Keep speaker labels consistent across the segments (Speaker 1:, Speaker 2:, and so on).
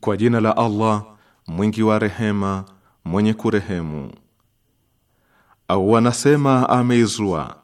Speaker 1: Kwa jina la Allah mwingi wa rehema mwenye kurehemu. Au wanasema ameizua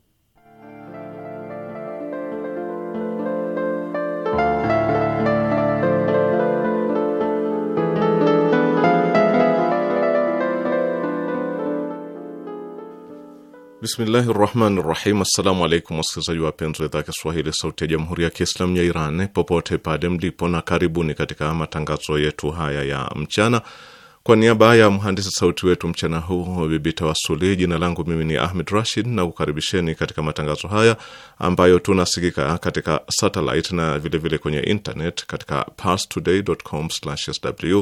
Speaker 1: Bismillahi rahmani rahim. Assalamu alaikum wasikilizaji wapenzi wa idhaa Kiswahili sauti ya jamhuri ya Kiislamu ya Iran popote pale mlipo, na karibuni katika matangazo yetu haya ya mchana. Kwa niaba ya mhandisi sauti wetu mchana huu Bibi Tawasuli, jina langu mimi ni Ahmed Rashid na kukaribisheni katika matangazo haya ambayo tunasikika katika satellite na vilevile vile kwenye internet katika parstoday.com/sw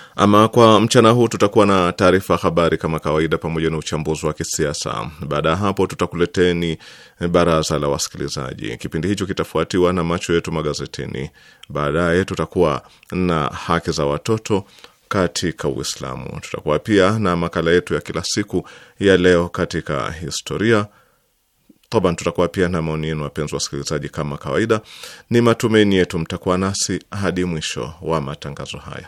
Speaker 1: Ama kwa mchana huu tutakuwa na taarifa habari kama kawaida, pamoja na uchambuzi wa kisiasa. Baada ya hapo, tutakuleteni baraza la wasikilizaji. Kipindi hicho kitafuatiwa na macho yetu magazetini. Baadaye tutakuwa na haki za watoto katika Uislamu. Tutakuwa pia na makala yetu ya kila siku ya leo katika historia Taban, tutakuwa pia na maoni yenu, wapenzi wasikilizaji. Kama kawaida, ni matumaini yetu mtakuwa nasi hadi mwisho wa matangazo haya.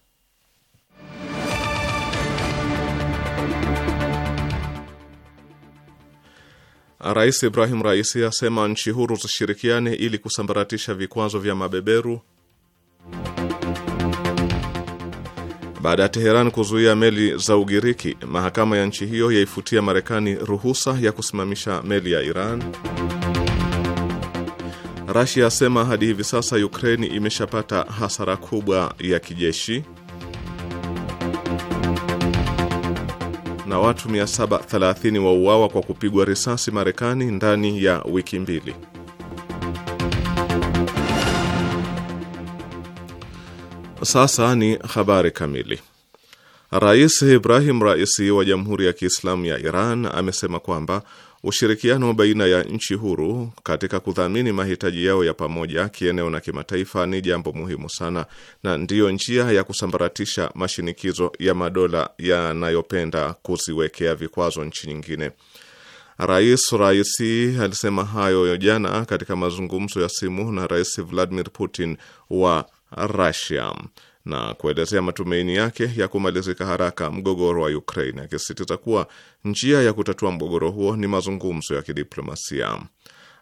Speaker 1: Rais Ibrahim Raisi asema nchi huru zishirikiane ili kusambaratisha vikwazo vya mabeberu. Baada ya Teheran kuzuia meli za Ugiriki, mahakama ya nchi hiyo yaifutia Marekani ruhusa ya kusimamisha meli ya Iran. Rasia asema hadi hivi sasa Ukraini imeshapata hasara kubwa ya kijeshi. na watu 730 wauawa kwa kupigwa risasi Marekani ndani ya wiki mbili. Sasa ni habari kamili. Rais Ibrahim Raisi wa Jamhuri ya Kiislamu ya Iran amesema kwamba Ushirikiano baina ya nchi huru katika kudhamini mahitaji yao ya pamoja kieneo na kimataifa ni jambo muhimu sana na ndiyo njia ya kusambaratisha mashinikizo ya madola yanayopenda kuziwekea vikwazo nchi nyingine. Rais Raisi alisema hayo jana katika mazungumzo ya simu na Rais Vladimir Putin wa Russia na kuelezea matumaini yake ya kumalizika haraka mgogoro wa Ukraine, akisisitiza kuwa njia ya kutatua mgogoro huo ni mazungumzo ya kidiplomasia.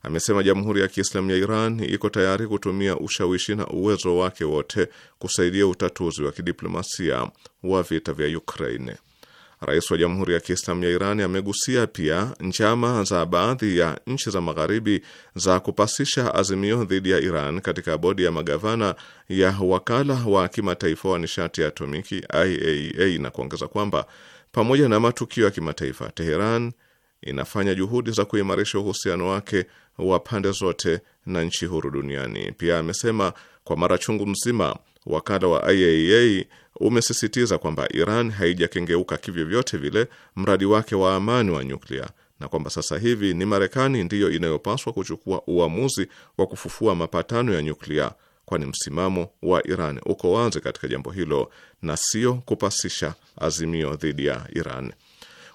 Speaker 1: Amesema Jamhuri ya Kiislamu ya Iran iko tayari kutumia ushawishi na uwezo wake wote kusaidia utatuzi wa kidiplomasia wa vita vya Ukraine. Rais wa Jamhuri ya Kiislamu ya Iran amegusia pia njama za baadhi ya nchi za Magharibi za kupasisha azimio dhidi ya Iran katika bodi ya magavana ya wakala wa kimataifa wa nishati ya atomiki IAEA na kuongeza kwamba pamoja na matukio ya kimataifa, Teheran inafanya juhudi za kuimarisha uhusiano wake wa pande zote na nchi huru duniani. Pia amesema kwa mara chungu mzima wakala wa IAEA umesisitiza kwamba Iran haijakengeuka kivyovyote vile mradi wake wa amani wa nyuklia na kwamba sasa hivi ni Marekani ndiyo inayopaswa kuchukua uamuzi wa kufufua mapatano ya nyuklia, kwani msimamo wa Iran uko wazi katika jambo hilo na sio kupasisha azimio dhidi ya Iran.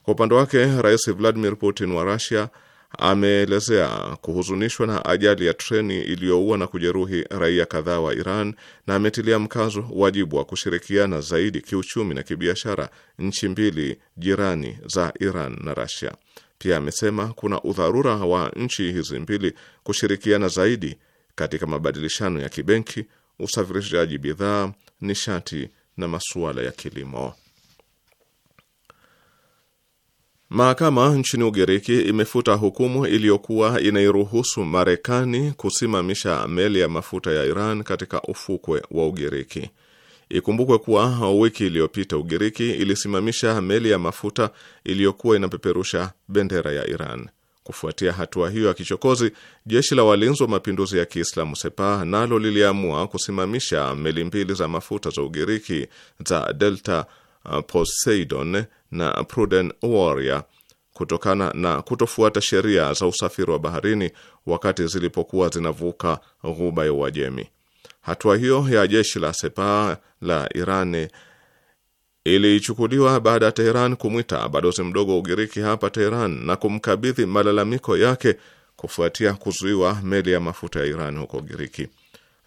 Speaker 1: Kwa upande wake, Rais Vladimir Putin wa Russia ameelezea kuhuzunishwa na ajali ya treni iliyoua na kujeruhi raia kadhaa wa Iran na ametilia mkazo wajibu wa kushirikiana zaidi kiuchumi na kibiashara nchi mbili jirani za Iran na Russia. Pia amesema kuna udharura wa nchi hizi mbili kushirikiana zaidi katika mabadilishano ya kibenki, usafirishaji bidhaa, nishati na masuala ya kilimo. Mahakama nchini Ugiriki imefuta hukumu iliyokuwa inairuhusu Marekani kusimamisha meli ya mafuta ya Iran katika ufukwe wa Ugiriki. Ikumbukwe kuwa wiki iliyopita Ugiriki ilisimamisha meli ya mafuta iliyokuwa inapeperusha bendera ya Iran. Kufuatia hatua hiyo ya kichokozi, jeshi la walinzi wa mapinduzi ya Kiislamu sepa nalo liliamua kusimamisha meli mbili za mafuta za Ugiriki za Delta Poseidon na Prudent Warrior kutokana na kutofuata sheria za usafiri wa baharini wakati zilipokuwa zinavuka ghuba ya Uajemi. Hatua hiyo ya jeshi la sepa la Irani ilichukuliwa baada ya Teheran kumwita balozi mdogo wa Ugiriki hapa Teheran na kumkabidhi malalamiko yake kufuatia kuzuiwa meli ya mafuta ya Iran huko Ugiriki.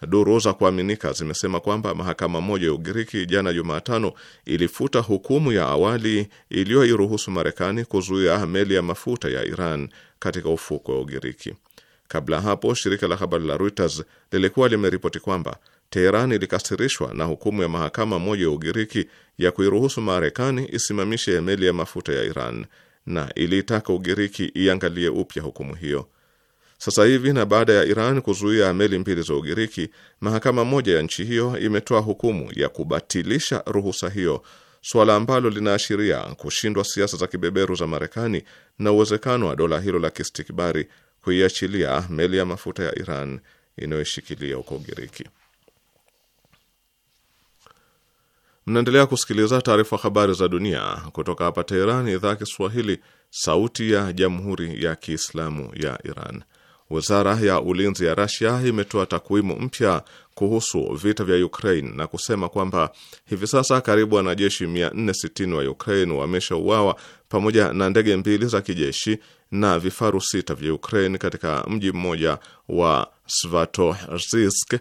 Speaker 1: Duru za kuaminika zimesema kwamba mahakama moja ya Ugiriki jana Jumatano ilifuta hukumu ya awali iliyoiruhusu Marekani kuzuia meli ya mafuta ya Iran katika ufukwe wa Ugiriki. Kabla hapo, shirika la habari la Reuters lilikuwa limeripoti kwamba Teheran ilikasirishwa na hukumu ya mahakama moja ya Ugiriki ya kuiruhusu Marekani isimamishe meli ya mafuta ya Iran na iliitaka Ugiriki iangalie upya hukumu hiyo. Sasa hivi na baada ya Iran kuzuia meli mbili za Ugiriki, mahakama moja ya nchi hiyo imetoa hukumu ya kubatilisha ruhusa hiyo, suala ambalo linaashiria kushindwa siasa za kibeberu za Marekani na uwezekano wa dola hilo la kistikbari kuiachilia meli ya mafuta ya Iran inayoshikilia huko Ugiriki. Mnaendelea kusikiliza taarifa habari za dunia kutoka hapa Teheran, idhaa ya Kiswahili, sauti ya jamhuri ya kiislamu ya Iran. Wizara ya ulinzi ya Rasia imetoa takwimu mpya kuhusu vita vya Ukraine na kusema kwamba hivi sasa karibu wanajeshi 460 wa Ukraine wameshauawa pamoja na ndege mbili za kijeshi na vifaru sita vya Ukraine katika mji mmoja wa Svatozisk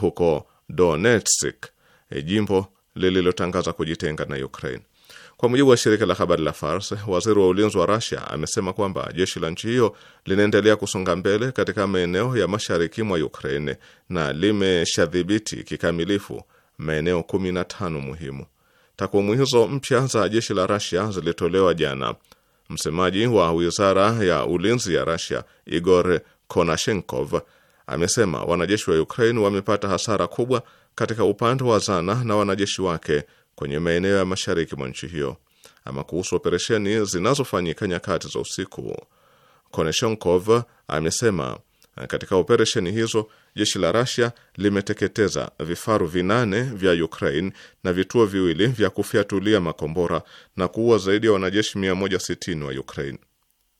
Speaker 1: huko Donetsk, e, jimbo lililotangaza kujitenga na Ukraine. Kwa mujibu wa shirika la habari la Fars, waziri wa ulinzi wa Rusia amesema kwamba jeshi la nchi hiyo linaendelea kusonga mbele katika maeneo ya mashariki mwa Ukraine na limeshadhibiti kikamilifu maeneo 15 muhimu. Takwimu hizo mpya za jeshi la Rusia zilitolewa jana. Msemaji wa wizara ya ulinzi ya Rusia Igor Konashenkov amesema wanajeshi wa Ukraine wamepata hasara kubwa katika upande wa zana na wanajeshi wake kwenye maeneo ya mashariki mwa nchi hiyo. Ama kuhusu operesheni zinazofanyika nyakati za usiku, koneshenkov amesema katika operesheni hizo jeshi la Rasia limeteketeza vifaru vinane vya Ukraine na vituo viwili vya kufyatulia makombora na kuua zaidi ya wanajeshi 160 wa Ukraine.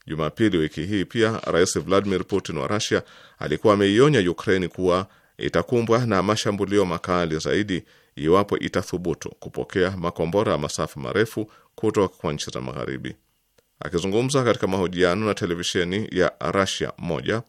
Speaker 1: Jumapili wiki hii pia Rais Vladimir Putin wa Rasia alikuwa ameionya Ukraine kuwa itakumbwa na mashambulio makali zaidi iwapo itathubutu kupokea makombora ya masafa marefu kutoka kwa nchi za Magharibi. Akizungumza katika mahojiano na televisheni ya Rasia moja,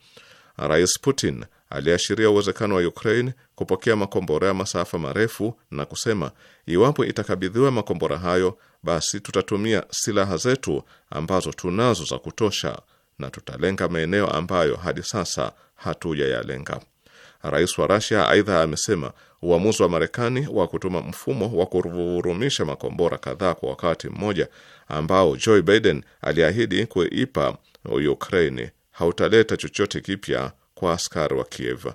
Speaker 1: Rais Putin aliashiria uwezekano wa Ukraine kupokea makombora ya masafa marefu na kusema, iwapo itakabidhiwa makombora hayo, basi tutatumia silaha zetu ambazo tunazo za kutosha na tutalenga maeneo ambayo hadi sasa hatujayalenga. Rais wa Rasia aidha amesema uamuzi wa Marekani wa kutuma mfumo wa kuvurumisha makombora kadhaa kwa wakati mmoja ambao Joe Biden aliahidi kuipa Ukraine hautaleta chochote kipya kwa askari wa Kiev.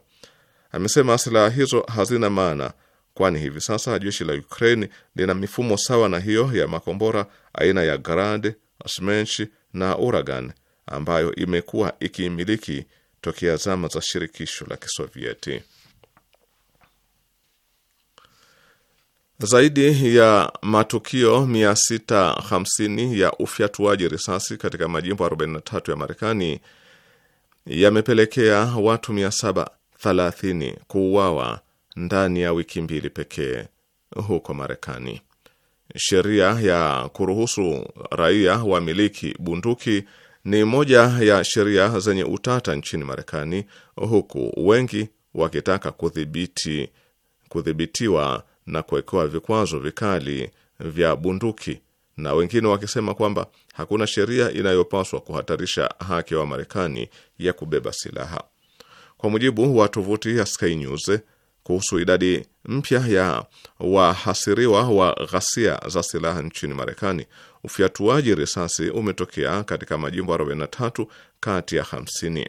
Speaker 1: Amesema silaha hizo hazina maana, kwani hivi sasa jeshi la Ukraine lina mifumo sawa na hiyo ya makombora aina ya Grad, Smerch na Uragan ambayo imekuwa ikimiliki tokea zama za shirikisho la Kisovieti. Zaidi ya matukio 650 ya ufyatuaji risasi katika majimbo 43 ya Marekani yamepelekea watu 730 kuuawa ndani ya wiki mbili pekee huko Marekani. Sheria ya kuruhusu raia wamiliki bunduki ni moja ya sheria zenye utata nchini Marekani, huku wengi wakitaka kudhibiti kudhibitiwa na kuwekewa vikwazo vikali vya bunduki na wengine wakisema kwamba hakuna sheria inayopaswa kuhatarisha haki ya Wamarekani ya kubeba silaha. Kwa mujibu wa tovuti ya Sky News, kuhusu idadi mpya ya wahasiriwa wa ghasia za silaha nchini Marekani, ufyatuaji risasi umetokea katika majimbo 43 kati ya 50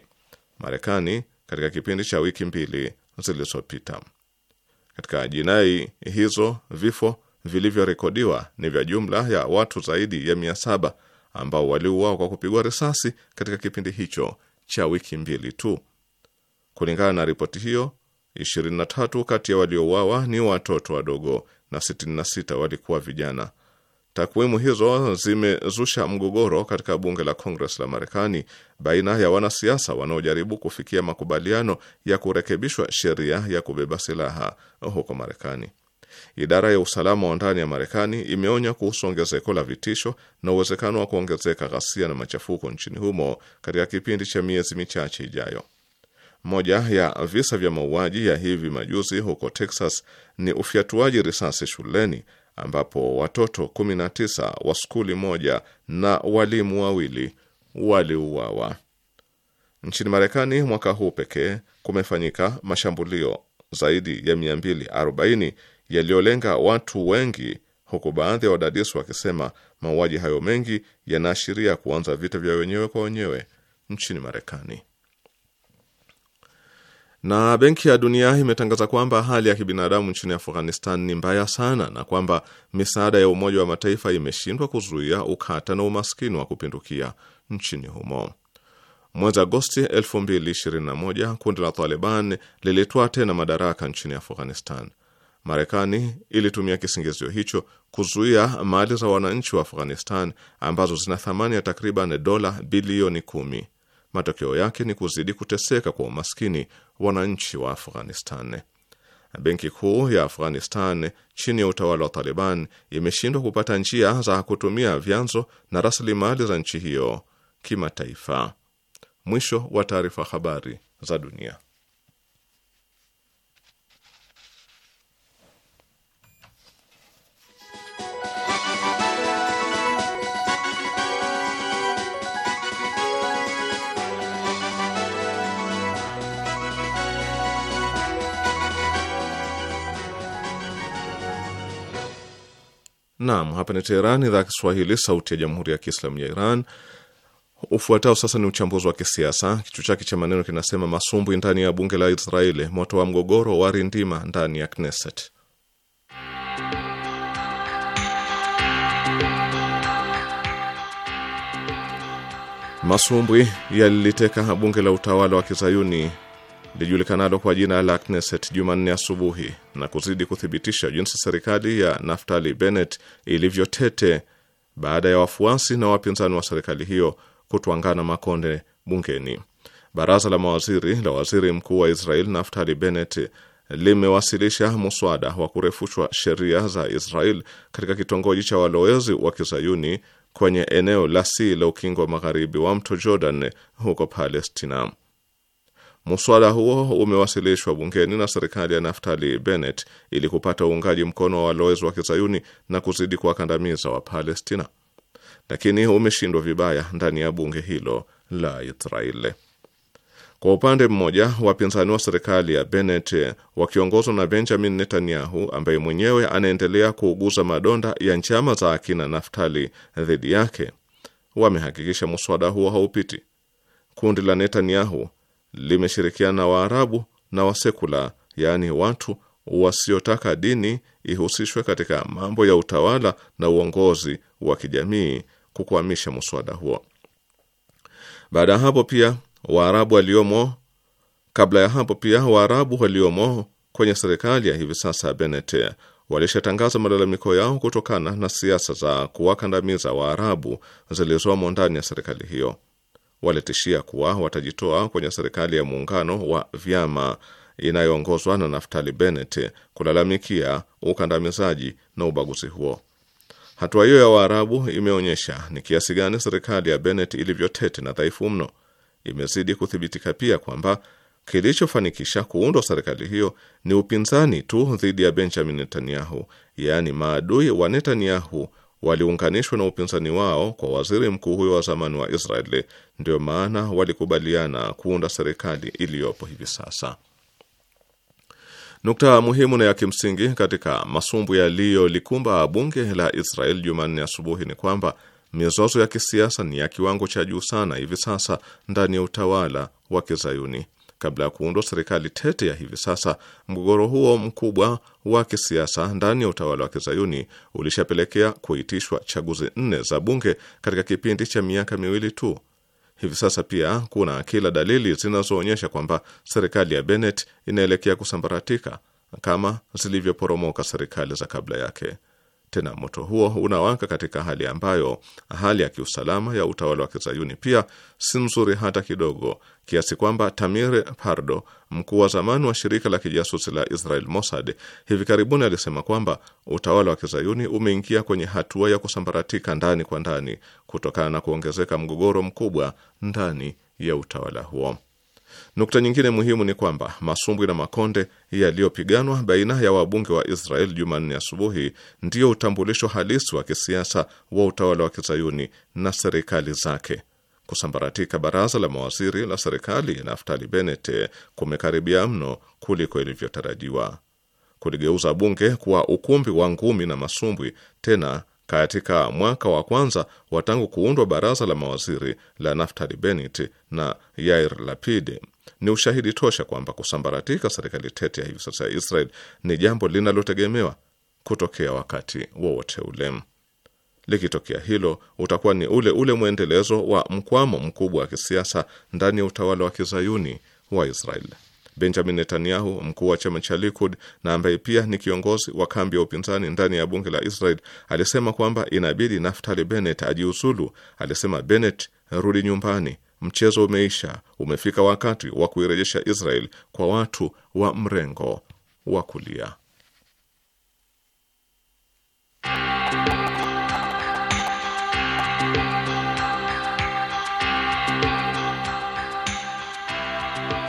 Speaker 1: Marekani katika kipindi cha wiki mbili zilizopita. Katika jinai hizo, vifo vilivyorekodiwa ni vya jumla ya watu zaidi ya 700 ambao waliuawa kwa kupigwa risasi katika kipindi hicho cha wiki mbili tu. Kulingana na ripoti hiyo 23 kati ya waliouawa ni watoto wadogo na 66 walikuwa vijana. Takwimu hizo zimezusha mgogoro katika bunge la Kongres la Marekani baina ya wanasiasa wanaojaribu kufikia makubaliano ya kurekebishwa sheria ya kubeba silaha huko Marekani. Idara ya usalama wa ndani ya Marekani imeonya kuhusu ongezeko la vitisho na uwezekano wa kuongezeka ghasia na machafuko nchini humo katika kipindi cha miezi michache ijayo. Moja ya visa vya mauaji ya hivi majuzi huko Texas ni ufyatuaji risasi shuleni ambapo watoto 19 wa skuli moja na walimu wawili waliuawa. Nchini Marekani mwaka huu pekee kumefanyika mashambulio zaidi ya 240 yaliyolenga watu wengi, huku baadhi ya wadadisi wakisema mauaji hayo mengi yanaashiria kuanza vita vya wenyewe kwa wenyewe nchini Marekani. Na Benki ya Dunia imetangaza kwamba hali ya kibinadamu nchini Afghanistan ni mbaya sana na kwamba misaada ya Umoja wa Mataifa imeshindwa kuzuia ukata na umaskini wa kupindukia nchini humo. Mwezi Agosti 2021 kundi la Taliban lilitwaa tena madaraka nchini Afghanistan. Marekani ilitumia kisingizio hicho kuzuia mali za wananchi wa Afghanistan ambazo zina thamani ya takriban dola bilioni kumi matokeo yake ni kuzidi kuteseka kwa umaskini wananchi wa Afghanistan. Benki kuu ya Afghanistan chini ya utawala wa Taliban imeshindwa kupata njia za kutumia vyanzo na rasilimali za nchi hiyo kimataifa. Mwisho wa taarifa. Habari za dunia. Naam, hapa ni teheran idhaa Kiswahili, sauti ya jamhuri ya kiislamu ya Iran. Ufuatao sasa ni uchambuzi wa kisiasa, kichwa chake cha maneno kinasema masumbwi ndani ya bunge la Israeli, moto wa mgogoro wa rindima ndani ya Knesset. Masumbwi yaliliteka bunge la utawala wa kizayuni lijulikanalo kwa jina la Knesset Jumanne asubuhi na kuzidi kuthibitisha jinsi serikali ya Naftali Bennett ilivyotete baada ya wafuasi na wapinzani wa serikali hiyo kutwangana makonde bungeni. Baraza la mawaziri la waziri mkuu wa Israel Naftali Bennett limewasilisha muswada wa kurefushwa sheria za Israel katika kitongoji cha walowezi wa kizayuni kwenye eneo la si la ukingo wa magharibi wa mto Jordan huko Palestina. Muswada huo umewasilishwa bungeni na serikali ya Naftali Bennett ili kupata uungaji mkono wa walowezi wa kizayuni na kuzidi kuwakandamiza Wapalestina, lakini umeshindwa vibaya ndani ya bunge hilo la Israeli. Kwa upande mmoja, wapinzani wa serikali ya Bennett wakiongozwa na Benjamin Netanyahu, ambaye mwenyewe anaendelea kuuguza madonda ya njama za akina Naftali dhidi yake, wamehakikisha muswada huo haupiti. Kundi la Netanyahu limeshirikiana na Waarabu na wasekula, yaani watu wasiotaka dini ihusishwe katika mambo ya utawala na uongozi wa kijamii kukwamisha muswada huo. Baada ya hapo pia Waarabu waliomo kabla ya hapo pia Waarabu waliomo kwenye serikali ya hivi sasa ya Bennett walishatangaza malalamiko yao kutokana na siasa za kuwakandamiza Waarabu zilizomo ndani ya serikali hiyo walitishia kuwa watajitoa kwenye serikali ya muungano wa vyama inayoongozwa na Naftali Bennett kulalamikia ukandamizaji na ubaguzi huo. Hatua hiyo ya Waarabu imeonyesha ni kiasi gani serikali ya Bennett ilivyotete na dhaifu mno. Imezidi kuthibitika pia kwamba kilichofanikisha kuundwa serikali hiyo ni upinzani tu dhidi ya Benjamin Netanyahu, yaani maadui wa Netanyahu waliunganishwa na upinzani wao kwa waziri mkuu huyo wa zamani wa Israeli, ndio maana walikubaliana kuunda serikali iliyopo hivi sasa. Nukta muhimu na ya kimsingi katika masumbu yaliyolikumba bunge la Israel Jumanne asubuhi ni kwamba mizozo ya kisiasa ni ya kiwango cha juu sana hivi sasa ndani ya utawala wa Kizayuni. Kabla ya kuundwa serikali tete ya hivi sasa, mgogoro huo mkubwa wa kisiasa ndani ya utawala wa kizayuni ulishapelekea kuitishwa chaguzi nne za bunge katika kipindi cha miaka miwili tu. Hivi sasa pia kuna kila dalili zinazoonyesha kwamba serikali ya Bennett inaelekea kusambaratika kama zilivyoporomoka serikali za kabla yake. Tena moto huo unawaka katika hali ambayo hali ya kiusalama ya utawala wa kizayuni pia si nzuri hata kidogo, kiasi kwamba Tamir Pardo, mkuu wa zamani wa shirika la kijasusi la Israel Mossad, hivi karibuni alisema kwamba utawala wa kizayuni umeingia kwenye hatua ya kusambaratika ndani kwa ndani kutokana na kuongezeka mgogoro mkubwa ndani ya utawala huo. Nukta nyingine muhimu ni kwamba masumbwi na makonde yaliyopiganwa baina ya wabunge wa Israel Jumanne asubuhi ndiyo utambulisho halisi wa kisiasa wa utawala wa kizayuni na serikali zake. Kusambaratika baraza la mawaziri la serikali ya Naftali Bennett kumekaribia mno kuliko ilivyotarajiwa. Kuligeuza bunge kuwa ukumbi wa ngumi na masumbwi, tena katika mwaka wa kwanza wa tangu kuundwa baraza la mawaziri la Naftali Bennett na Yair Lapid ni ushahidi tosha kwamba kusambaratika serikali tete ya hivi sasa ya Israel ni jambo linalotegemewa kutokea wakati wowote ule. Likitokea hilo, utakuwa ni ule ule mwendelezo wa mkwamo mkubwa wa kisiasa ndani ya utawala wa kizayuni wa Israel. Benjamin Netanyahu, mkuu wa chama cha Likud na ambaye pia ni kiongozi wa kambi ya upinzani ndani ya bunge la Israel, alisema kwamba inabidi Naftali Bennett ajiuzulu. Alisema Bennett, rudi nyumbani, mchezo umeisha, umefika wakati wa kuirejesha Israel kwa watu wa mrengo wa kulia.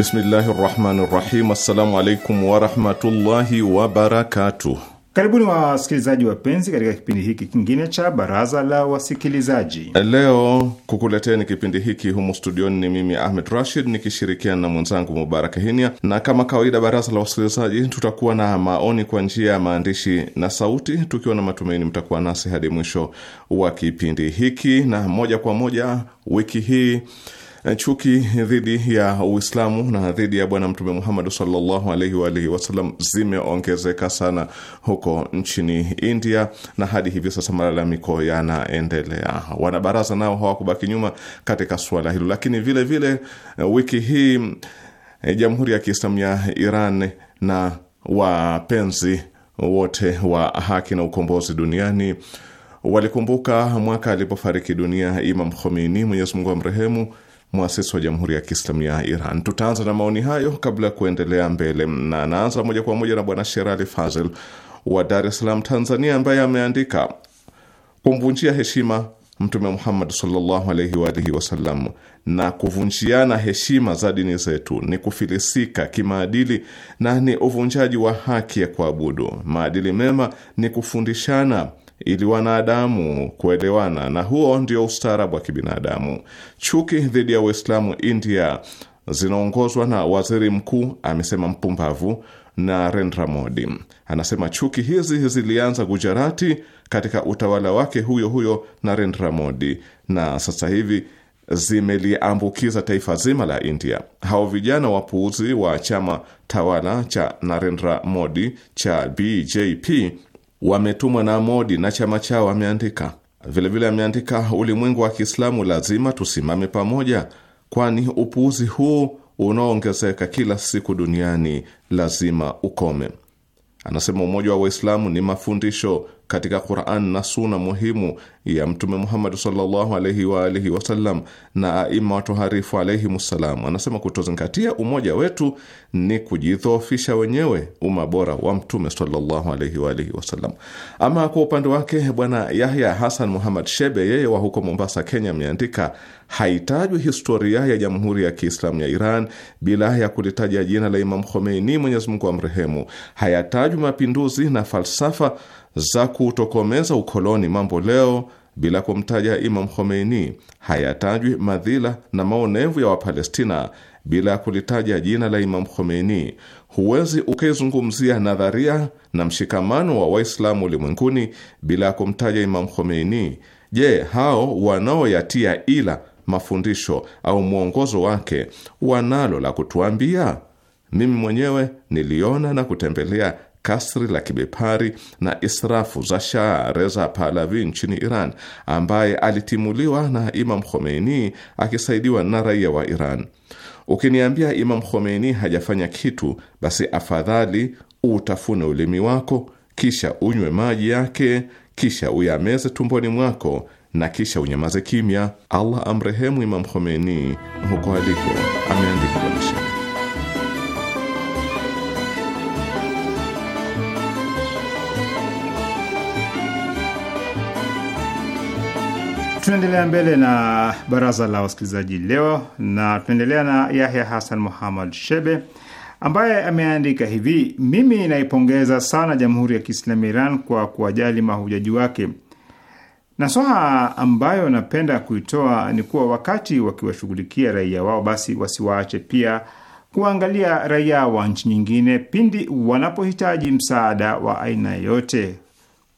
Speaker 1: Bismillahi rahmani rahim. Assalamu alaikum warahmatullahi wabarakatuh.
Speaker 2: Karibuni wasikilizaji wapenzi, katika kipindi hiki kingine cha baraza la wasikilizaji.
Speaker 1: Leo kukuleteni kipindi hiki humu studioni ni mimi Ahmed Rashid nikishirikiana na mwenzangu Mubarak Hinia, na kama kawaida, baraza la wasikilizaji tutakuwa na maoni kwa njia ya maandishi na sauti, tukiwa na matumaini mtakuwa nasi hadi mwisho wa kipindi hiki. Na moja kwa moja, wiki hii Eh, chuki dhidi ya Uislamu na dhidi ya Bwana Mtume Muhammad sallallahu alaihi wa alihi wasallam zimeongezeka sana huko nchini India, na hadi hivi sasa malalamiko yanaendelea. Wanabaraza nao hawakubaki nyuma katika suala hilo, lakini vile vile eh, wiki hii eh, Jamhuri ya Kiislamu ya Iran na wapenzi wote wa haki na ukombozi duniani walikumbuka mwaka alipofariki dunia Imam Khomeini, Mwenyezi Mungu amrehemu mwasisi wa Jamhuri ya Kiislamu ya Iran. Tutaanza na maoni hayo kabla ya kuendelea mbele, na anaanza moja kwa moja na Bwana Sherali Fazel wa Dar es Salaam, Tanzania, ambaye ameandika kumvunjia heshima Mtume Muhammad sallallahu alaihi wa alihi wasallam na kuvunjiana heshima za dini zetu ni kufilisika kimaadili na ni uvunjaji wa haki ya kuabudu. Maadili mema ni kufundishana ili wanadamu kuelewana, na huo ndio ustaarabu wa kibinadamu. Chuki dhidi ya Uislamu India zinaongozwa na waziri mkuu amesema mpumbavu Narendra Modi. Anasema chuki hizi zilianza Gujarati katika utawala wake huyo huyo Narendra Modi, na sasa hivi zimeliambukiza taifa zima la India. Hao vijana wapuuzi wa chama tawala cha Narendra Modi cha BJP wametumwa na Modi na chama chao, ameandika. Vilevile ameandika, ulimwengu wa Kiislamu lazima tusimame pamoja, kwani upuuzi huu unaoongezeka kila siku duniani lazima ukome. Anasema umoja wa Waislamu ni mafundisho katika Quran na suna muhimu ya Mtume Muhammad sallallahu alaihi wa alihi wasallam na aima watoharifu alaihimussalam, anasema kutozingatia umoja wetu ni kujidhoofisha wenyewe umma bora wa Mtume sallallahu alaihi wa alihi wasallam. Ama kwa upande wake, Bwana Yahya Hasan Muhammad Shebe, yeye wa huko Mombasa, Kenya, ameandika haitajwi historia ya Jamhuri ya Kiislamu ya Iran bila ya kulitaja jina la Imam Khomeini, Mwenyezi Mungu amrehemu. Hayatajwi mapinduzi na falsafa za kutokomeza ukoloni mambo leo bila kumtaja Imam Khomeini, hayatajwi madhila na maonevu ya Wapalestina bila ya kulitaja jina la Imam Khomeini. Huwezi ukaizungumzia nadharia na mshikamano wa Waislamu ulimwenguni bila ya kumtaja Imam Khomeini. Je, hao wanaoyatia ila mafundisho au mwongozo wake wanalo la kutuambia? Mimi mwenyewe niliona na kutembelea kasri la kibepari na israfu za Shah Reza Pahlavi nchini Iran, ambaye alitimuliwa na Imam Khomeini akisaidiwa na raia wa Iran. Ukiniambia Imam Khomeini hajafanya kitu, basi afadhali utafune ulimi wako, kisha unywe maji yake, kisha uyameze tumboni mwako na kisha unyamaze kimya. Allah amrehemu Imam Khomeini huko aliko ameandika maisha
Speaker 2: Tunaendelea mbele na baraza la wasikilizaji leo, na tunaendelea na Yahya Hasan Muhammad Shebe ambaye ameandika hivi: mimi naipongeza sana Jamhuri ya Kiislamu Iran kwa kuwajali mahujaji wake. Nasaha ambayo napenda kuitoa ni kuwa wakati wakiwashughulikia raia wao, basi wasiwaache pia kuangalia raia wa nchi nyingine pindi wanapohitaji msaada wa aina yote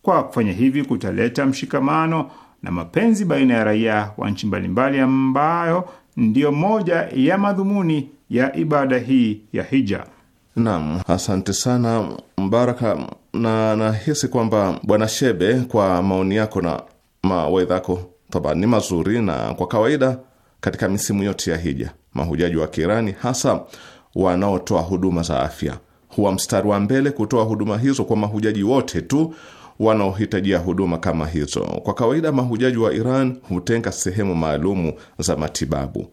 Speaker 2: Kwa kufanya hivi kutaleta mshikamano na mapenzi baina ya raia wa nchi mbalimbali, ambayo ndiyo moja ya madhumuni ya ibada hii ya hija.
Speaker 1: Naam, asante sana Mbaraka, na nahisi kwamba Bwana Shebe, kwa maoni yako na mawaidha yako taba ni mazuri, na kwa kawaida katika misimu yote ya hija mahujaji wa Kiirani hasa wanaotoa huduma za afya huwa mstari wa mbele kutoa huduma hizo kwa mahujaji wote tu wanaohitajia huduma kama hizo. Kwa kawaida, mahujaji wa Iran hutenga sehemu maalumu za matibabu,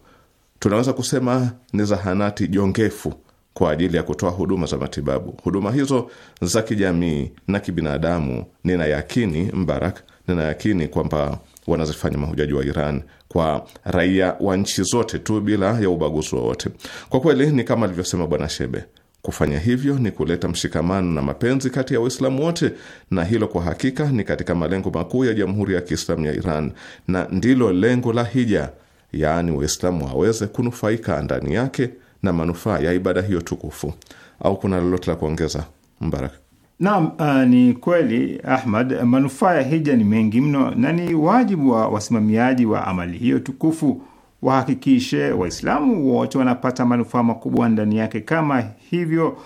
Speaker 1: tunaweza kusema ni zahanati jongefu kwa ajili ya kutoa huduma za matibabu. Huduma hizo za kijamii na kibinadamu, nina yakini Mbarak, nina yakini kwamba wanazifanya mahujaji wa Iran kwa raia wa nchi zote tu bila ya ubaguzi wowote. Kwa kweli ni kama alivyosema Bwana Shebe Kufanya hivyo ni kuleta mshikamano na mapenzi kati ya Waislamu wote, na hilo kwa hakika ni katika malengo makuu ya Jamhuri ya Kiislamu ya Iran na ndilo lengo la hija, yaani Waislamu waweze kunufaika ndani yake na manufaa ya ibada hiyo tukufu. Au kuna lolote la kuongeza, Mbaraka?
Speaker 2: Naam, uh, ni kweli Ahmad, manufaa ya hija ni mengi mno na ni wajibu wa wasimamiaji wa amali hiyo tukufu wahakikishe Waislamu wote wanapata manufaa makubwa ndani yake, kama hivyo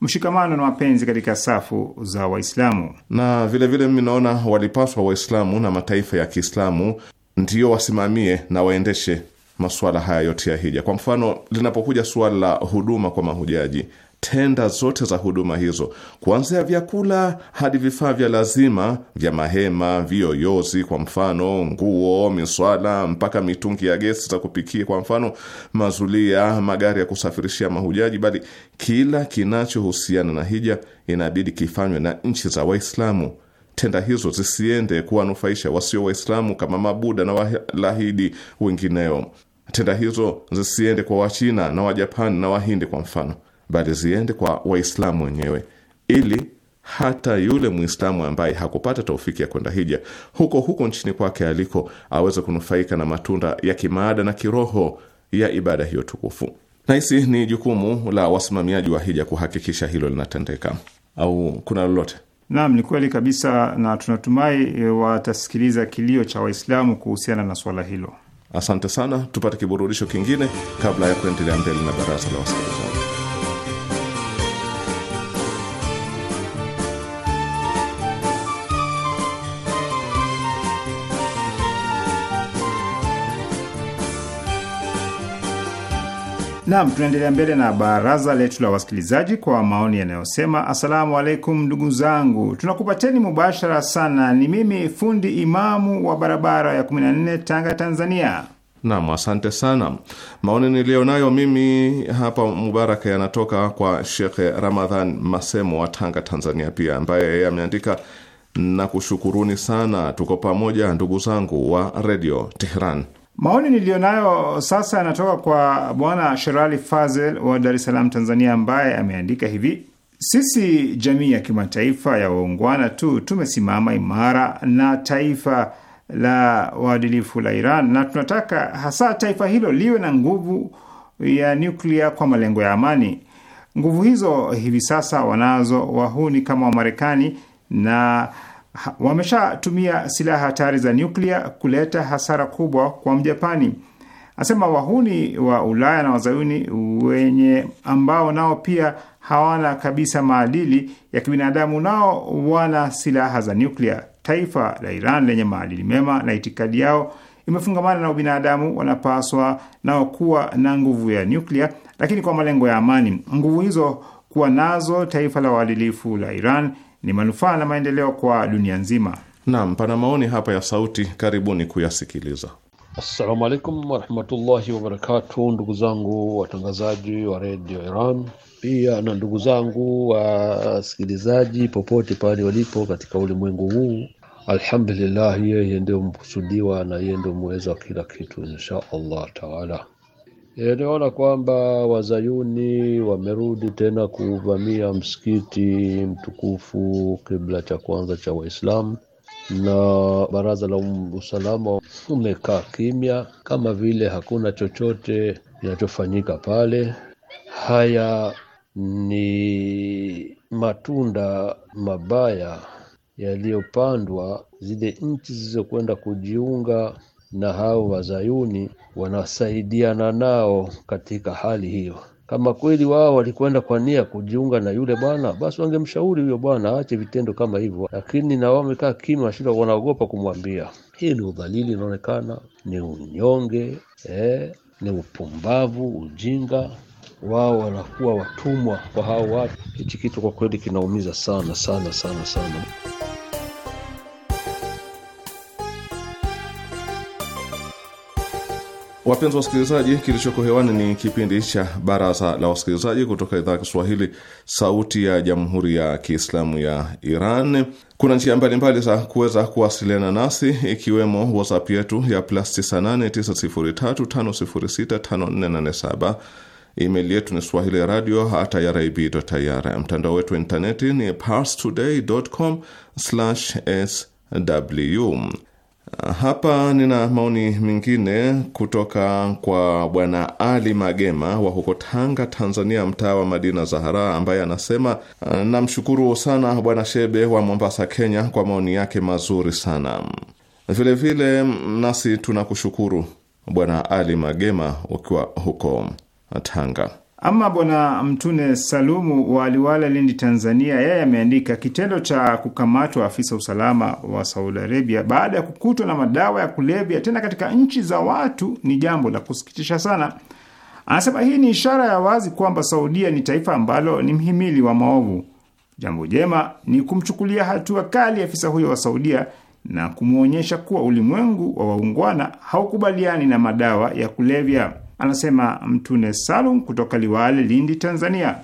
Speaker 2: mshikamano na mapenzi katika safu za Waislamu.
Speaker 1: Na vilevile mimi naona walipaswa Waislamu na mataifa ya Kiislamu ndio wasimamie na waendeshe masuala haya yote ya hija. Kwa mfano, linapokuja suala la huduma kwa mahujaji tenda zote za huduma hizo kuanzia vyakula hadi vifaa vya lazima vya mahema, viyoyozi kwa mfano, nguo, miswala, mpaka mitungi ya gesi za kupikia kwa mfano, mazulia, magari ya kusafirishia mahujaji, bali kila kinachohusiana na hija inabidi kifanywe na nchi za Waislamu. Tenda hizo zisiende kuwanufaisha wasio Waislamu kama mabuda na walahidi wengineo. Tenda hizo zisiende kwa Wachina na Wajapani na Wahindi kwa mfano bali ziende kwa Waislamu wenyewe ili hata yule Mwislamu ambaye hakupata taufiki ya kwenda hija huko huko nchini kwake aliko aweze kunufaika na matunda ya kimaada na kiroho ya ibada hiyo tukufu. Nahisi ni jukumu la wasimamiaji wa hija kuhakikisha hilo linatendeka.
Speaker 2: Au kuna lolote? Naam, ni kweli kabisa, na tunatumai e, watasikiliza kilio cha Waislamu kuhusiana na swala hilo. Asante sana, tupate kiburudisho kingine kabla ya
Speaker 1: kuendelea mbele na baraza la wasikilizaji.
Speaker 2: Naam, tunaendelea mbele na baraza letu la wasikilizaji kwa maoni yanayosema: assalamu alaikum ndugu zangu, tunakupateni mubashara sana. Ni mimi fundi imamu wa barabara ya 14 Tanga, Tanzania.
Speaker 1: Nam, asante sana. Maoni niliyonayo mimi hapa Mubaraka yanatoka kwa Shekhe Ramadhan Masemo wa Tanga, Tanzania pia, ambaye yeye ameandika nakushukuruni sana. Tuko pamoja ndugu zangu wa redio Tehran.
Speaker 2: Maoni niliyonayo sasa yanatoka kwa Bwana Sherali Fazel wa Dar es Salaam, Tanzania, ambaye ameandika hivi: sisi jamii ya kimataifa ya waungwana tu tumesimama imara na taifa la waadilifu la Iran na tunataka hasa taifa hilo liwe na nguvu ya nyuklia kwa malengo ya amani. Nguvu hizo hivi sasa wanazo wahuni kama Wamarekani na wameshatumia silaha hatari za nyuklia kuleta hasara kubwa kwa Mjapani. anasema wahuni wa Ulaya na wazayuni wenye ambao nao pia hawana kabisa maadili ya kibinadamu, nao wana silaha za nyuklia. Taifa la Iran lenye maadili mema na itikadi yao imefungamana na ubinadamu, wanapaswa nao kuwa na nguvu ya nyuklia, lakini kwa malengo ya amani. Nguvu hizo kuwa nazo taifa la waadilifu la Iran ni manufaa na maendeleo kwa dunia nzima. Naam, pana maoni hapa ya sauti, karibuni kuyasikiliza. Assalamu alaikum warahmatullahi wabarakatu, ndugu zangu
Speaker 3: watangazaji wa redio Iran pia na ndugu zangu wasikilizaji popote pale walipo katika ulimwengu huu. Alhamdulillah, yeye ndio mkusudiwa na yeye ndio muweza wa kila kitu, insha Allah taala. Eh, Niona kwamba wazayuni wamerudi tena kuvamia msikiti mtukufu, kibla cha kwanza cha Waislamu, na baraza la usalama umekaa kimya, kama vile hakuna chochote kinachofanyika pale. Haya ni matunda mabaya yaliyopandwa zile nchi zilizokwenda kujiunga na hao wazayuni wanasaidiana nao katika hali hiyo. Kama kweli wao walikwenda kwa nia kujiunga na yule bwana, basi wangemshauri huyo bwana aache vitendo kama hivyo, lakini na wao wamekaa kimya, shida, wanaogopa kumwambia. Hii ni udhalili, inaonekana ni unyonge eh, ni upumbavu, ujinga wao wanakuwa watumwa kwa hao watu. Hichi kitu kwa kweli kinaumiza sana
Speaker 1: sana sana sana. Wapenzi wasikilizaji, kilichoko hewani ni kipindi cha Baraza la Wasikilizaji kutoka idhaa ya Kiswahili, Sauti ya Jamhuri ya Kiislamu ya Iran. Kuna njia mbalimbali za kuweza kuwasiliana nasi, ikiwemo WhatsApp yetu ya plus 989035065487, email yetu ni swahili radio hata irib.ir, mtandao wetu wa intaneti ni parstoday.com/sw hapa nina maoni mengine kutoka kwa Bwana Ali Magema wa huko Tanga, Tanzania, mtaa wa Madina Zahara, ambaye anasema ah, namshukuru sana Bwana Shebe wa Mombasa, Kenya, kwa maoni yake mazuri sana. Vilevile nasi tunakushukuru Bwana Ali Magema ukiwa huko Tanga.
Speaker 2: Ama Bwana Mtune Salumu wa Liwale, Lindi, Tanzania, yeye ameandika kitendo cha kukamatwa afisa usalama wa Saudi Arabia baada ya kukutwa na madawa ya kulevya tena katika nchi za watu ni jambo la kusikitisha sana. Anasema hii ni ishara ya wazi kwamba Saudia ni taifa ambalo ni mhimili wa maovu. Jambo jema ni kumchukulia hatua kali afisa huyo wa Saudia na kumwonyesha kuwa ulimwengu wa waungwana haukubaliani na madawa ya kulevya anasema Mtune Salum kutoka Liwale, Lindi, Tanzania.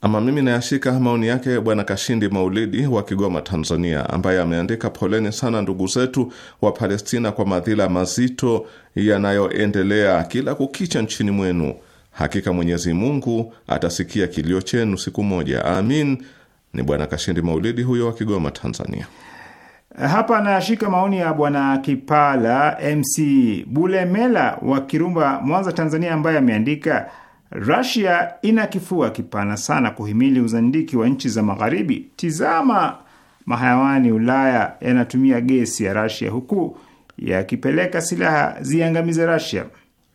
Speaker 2: Ama mimi nayashika maoni yake Bwana Kashindi
Speaker 1: Maulidi wa Kigoma, Tanzania, ambaye ameandika poleni sana ndugu zetu wa Palestina kwa madhila mazito yanayoendelea kila kukicha nchini mwenu. Hakika Mwenyezi Mungu atasikia kilio chenu siku moja, amin. Ni Bwana
Speaker 2: Kashindi Maulidi huyo wa Kigoma, Tanzania. Eh, hapa anashika maoni ya bwana Kipala MC Bulemela wa Kirumba, Mwanza, Tanzania, ambaye ameandika rasia ina kifua kipana sana kuhimili uzandiki wa nchi za Magharibi. Tizama mahayawani Ulaya yanatumia gesi ya rasia huku yakipeleka silaha ziangamize rasia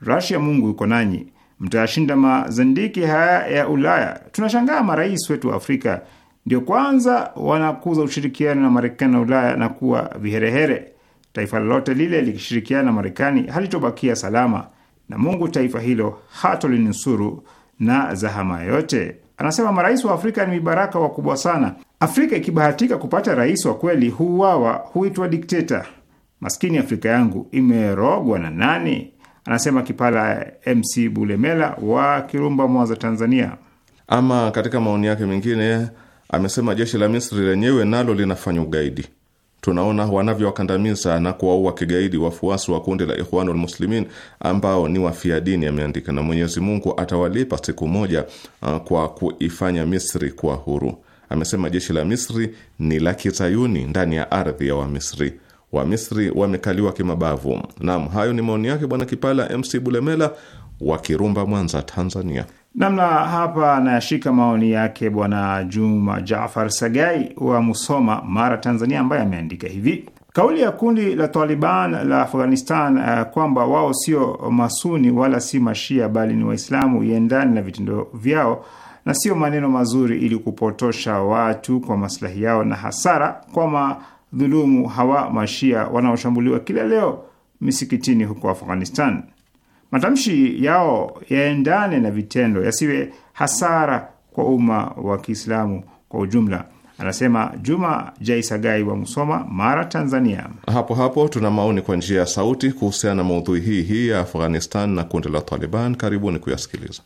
Speaker 2: rasia Mungu yuko nanyi, mtayashinda mazandiki haya ya Ulaya. Tunashangaa marais wetu wa Afrika ndio kwanza wanakuza ushirikiano na Marekani na Ulaya na kuwa viherehere. Taifa lolote lile likishirikiana na Marekani halitobakia salama, na Mungu taifa hilo hatolinusuru na zahama yote. Anasema marais wa Afrika ni mibaraka wakubwa sana. Afrika ikibahatika kupata rais wa kweli huuawa, huitwa dikteta. Maskini Afrika yangu imerogwa na nani? Anasema Kipala MC Bulemela wa Kirumba, Mwanza, Tanzania.
Speaker 1: Ama katika maoni yake mengine amesema jeshi la Misri lenyewe nalo linafanya ugaidi. Tunaona wanavyowakandamiza na kuwaua kigaidi wafuasi wa kundi la Ikhwanul Muslimin ambao ni wafia dini, ameandika, na Mwenyezi Mungu atawalipa siku moja uh, kwa kuifanya Misri kuwa huru. Amesema jeshi la Misri ni la kizayuni ndani ya ardhi ya Wamisri. Wamisri wamekaliwa kimabavu. Naam, hayo ni maoni yake Bwana Kipala MC Bulemela wa Kirumba, Mwanza,
Speaker 2: Tanzania namna hapa anayashika maoni yake Bwana Juma Jafar Sagai wa Musoma, Mara, Tanzania, ambaye ameandika hivi: kauli ya kundi la Taliban la Afghanistan uh, kwamba wao sio masuni wala si mashia bali ni Waislamu iendani na vitendo vyao na sio maneno mazuri, ili kupotosha watu kwa maslahi yao na hasara kwa madhulumu hawa mashia wanaoshambuliwa kila leo misikitini huko Afghanistan matamshi yao yaendane na vitendo, yasiwe hasara kwa umma wa Kiislamu kwa ujumla. Anasema Juma Jaisagai wa Musoma, Mara, Tanzania.
Speaker 1: Hapo hapo tuna maoni kwa njia ya sauti kuhusiana na maudhui hii hii ya Afghanistan na kundi la Taliban. Karibuni kuyasikiliza.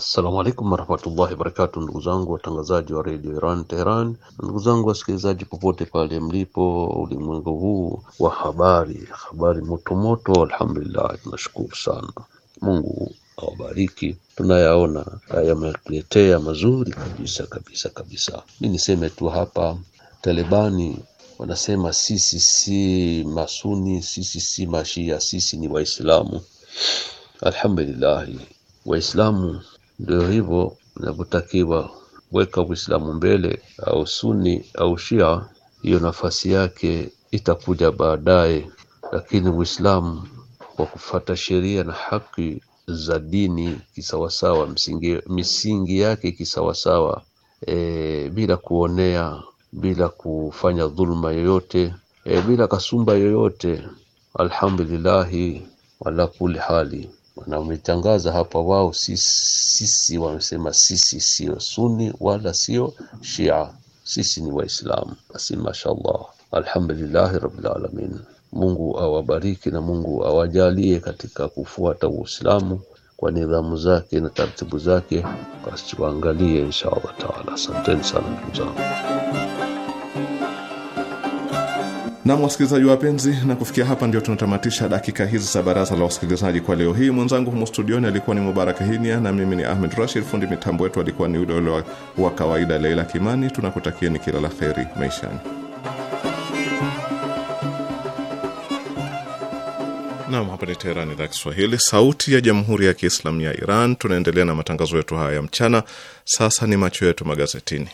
Speaker 1: Assalamu alaikum warahmatullahi wabarakatu, ndugu zangu watangazaji wa redio Iran Teheran, ndugu
Speaker 3: zangu wasikilizaji popote pale mlipo ulimwengu huu wa habari, habari motomoto. Alhamdulillah, tunashukuru sana Mungu awabariki. Tunayaona yametuletea mazuri kabisa kabisa kabisa. Mi niseme tu hapa, Talibani wanasema sisi si masuni, sisi si mashia, sisi ni Waislamu. Alhamdulillahi, Waislamu ndio hivyo inavyotakiwa weka Uislamu mbele au Sunni au Shia, hiyo nafasi yake itakuja baadaye, lakini Uislamu kwa kufata sheria na haki za dini kisawasawa, msingi, misingi yake kisawasawa, e, bila kuonea, bila kufanya dhuluma yoyote e, bila kasumba yoyote. Alhamdulillahi wala kulli hali na wametangaza hapa wao sisi, sisi wamesema sisi sio Sunni wala sio Shia, sisi ni Waislamu. Basi mashallah, alhamdulillahi rabbil alamin. Mungu awabariki na Mungu awajalie katika kufuata Uislamu kwa nidhamu zake na taratibu
Speaker 1: zake, basi tuangalie insha Allah taala. Asanteni sana ndugu zangu. Nam, wasikilizaji wapenzi, na kufikia hapa ndio tunatamatisha dakika hizi za baraza la wasikilizaji kwa leo hii. Mwenzangu humu studioni alikuwa ni Mubaraka Hinia na mimi ni Ahmed Rashid. Fundi mitambo wetu alikuwa ni ule ule wa, wa kawaida Leila Kimani. tunakutakia ni kila la kheri maishani. Nam, hapa ni Teherani, idhaa Kiswahili, sauti ya jamhuri ya kiislamu ya Iran. Tunaendelea na matangazo yetu haya ya mchana. Sasa ni macho yetu magazetini.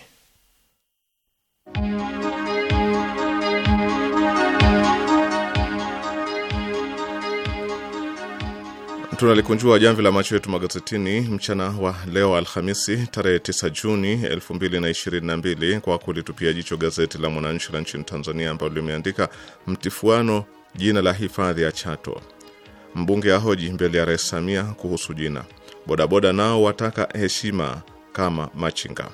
Speaker 1: Tunalikunjua jamvi la macho yetu magazetini mchana wa leo Alhamisi tarehe 9 Juni 2022 kwa kulitupia jicho gazeti la Mwananchi la nchini Tanzania ambalo limeandika mtifuano jina la hifadhi ya Chato, mbunge ahoji mbele ya Rais Samia kuhusu jina, bodaboda nao wataka heshima kama machinga.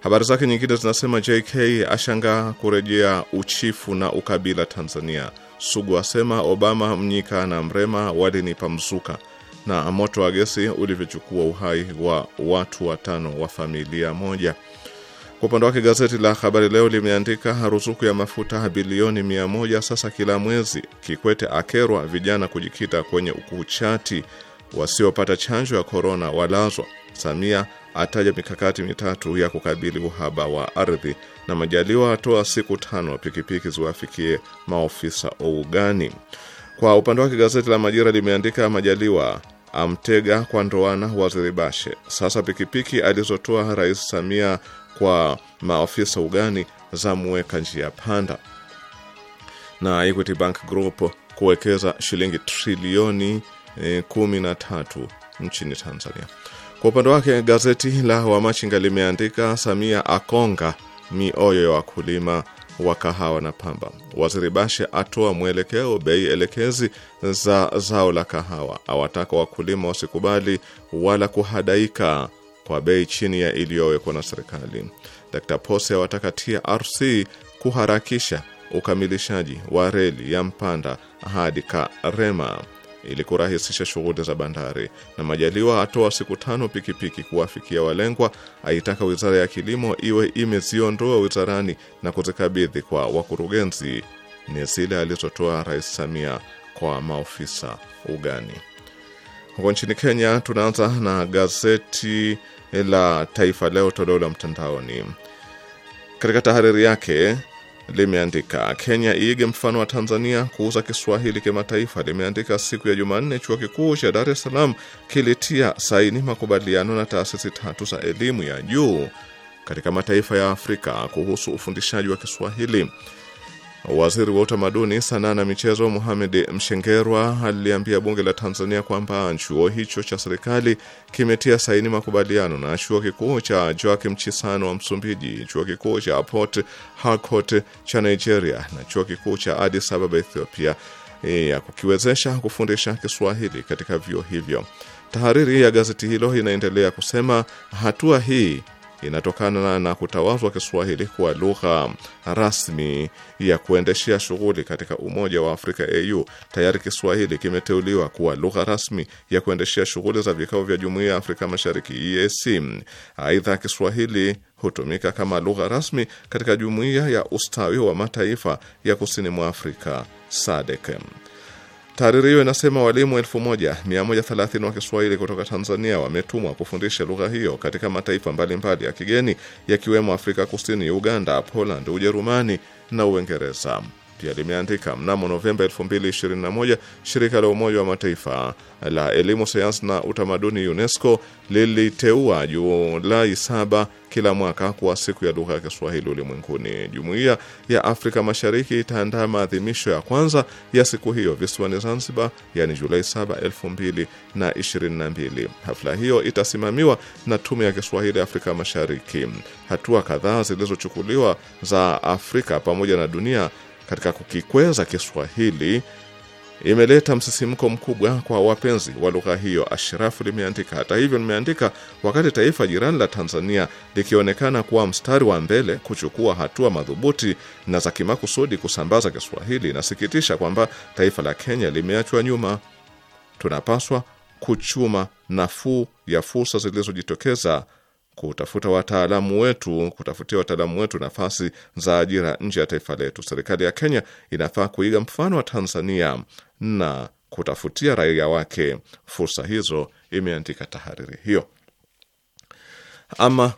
Speaker 1: Habari zake nyingine zinasema JK ashangaa kurejea uchifu na ukabila Tanzania Sugu asema Obama, Mnyika na Mrema walinipa mzuka, na moto wa gesi ulivyochukua uhai wa watu watano wa familia moja. Kwa upande wake gazeti la Habari Leo limeandika ruzuku ya mafuta bilioni mia moja sasa kila mwezi. Kikwete akerwa vijana kujikita kwenye ukuchati, wasiopata chanjo ya korona walazwa. Samia ataja mikakati mitatu ya kukabili uhaba wa ardhi na Majaliwa atoa siku tano pikipiki ziwafikie maofisa ugani. Kwa upande wake gazeti la Majira limeandika Majaliwa amtega kwa ndoana waziri Bashe. Sasa pikipiki alizotoa Rais Samia kwa maofisa ugani za njia panda, na Equity Bank Group kuwekeza shilingi trilioni e, kumi na tatu nchini Tanzania. Kwa upande wake gazeti la Wamachinga limeandika Samia akonga mioyo ya wakulima wa kahawa na pamba. Waziri Bashe atoa mwelekeo bei elekezi za zao la kahawa, awataka wakulima wasikubali wala kuhadaika kwa bei chini ya iliyowekwa na serikali. Dr. Pose awataka TRC kuharakisha ukamilishaji wa reli ya Mpanda hadi Karema ili kurahisisha shughuli za bandari. Na Majaliwa atoa siku tano pikipiki kuwafikia walengwa, aitaka wizara ya kilimo iwe imeziondoa wizarani na kuzikabidhi kwa wakurugenzi. Ni zile alizotoa Rais Samia kwa maofisa ugani. Huko nchini Kenya, tunaanza na gazeti la Taifa Leo toleo la mtandaoni. Katika tahariri yake limeandika Kenya iige mfano wa Tanzania kuuza Kiswahili kimataifa. Limeandika siku ya Jumanne, chuo kikuu cha Dar es Salaam kilitia saini makubaliano na taasisi tatu za elimu ya juu katika mataifa ya Afrika kuhusu ufundishaji wa Kiswahili. Waziri wa utamaduni, sanaa na michezo Mohamed Mshengerwa aliambia bunge la Tanzania kwamba chuo hicho cha serikali kimetia saini makubaliano na chuo kikuu cha Joakim Chisano wa Msumbiji, chuo kikuu cha Port Harcourt cha Nigeria na chuo kikuu cha Addis Ababa Ethiopia ya kukiwezesha kufundisha Kiswahili katika vyuo hivyo. Tahariri ya gazeti hilo inaendelea kusema hatua hii inatokana na kutawazwa Kiswahili kuwa lugha rasmi ya kuendeshea shughuli katika Umoja wa Afrika AU. Tayari Kiswahili kimeteuliwa kuwa lugha rasmi ya kuendeshea shughuli za vikao vya Jumuiya ya Afrika Mashariki EAC. Aidha, Kiswahili hutumika kama lugha rasmi katika Jumuiya ya Ustawi wa Mataifa ya Kusini mwa Afrika SADC. E taariri hiyo inasema walimu 1130 wa Kiswahili kutoka Tanzania wametumwa kufundisha lugha hiyo katika mataifa mbalimbali mbali ya kigeni yakiwemo Afrika Kusini, Uganda, Poland, Ujerumani na Uingereza pia limeandika mnamo Novemba 2021 shirika la Umoja wa Mataifa la elimu, sayansi na utamaduni UNESCO liliteua Julai saba kila mwaka kuwa siku ya lugha ya Kiswahili ulimwenguni. Jumuiya ya Afrika Mashariki itaandaa maadhimisho ya kwanza ya siku hiyo visiwani Zanzibar, yani Julai 7, 2022. Hafla hiyo itasimamiwa na Tume ya Kiswahili Afrika Mashariki. Hatua kadhaa zilizochukuliwa za Afrika pamoja na dunia katika kukikweza Kiswahili imeleta msisimko mkubwa kwa wapenzi wa lugha hiyo, Ashrafu limeandika. Hata hivyo, limeandika wakati taifa jirani la Tanzania likionekana kuwa mstari wa mbele kuchukua hatua madhubuti na za kimakusudi kusambaza Kiswahili, inasikitisha kwamba taifa la Kenya limeachwa nyuma. Tunapaswa kuchuma nafuu ya fursa zilizojitokeza kutafuta wataalamu wetu, kutafutia wataalamu wetu nafasi za ajira nje ya taifa letu. Serikali ya Kenya inafaa kuiga mfano wa Tanzania na kutafutia raia wake fursa hizo, imeandika tahariri hiyo. Ama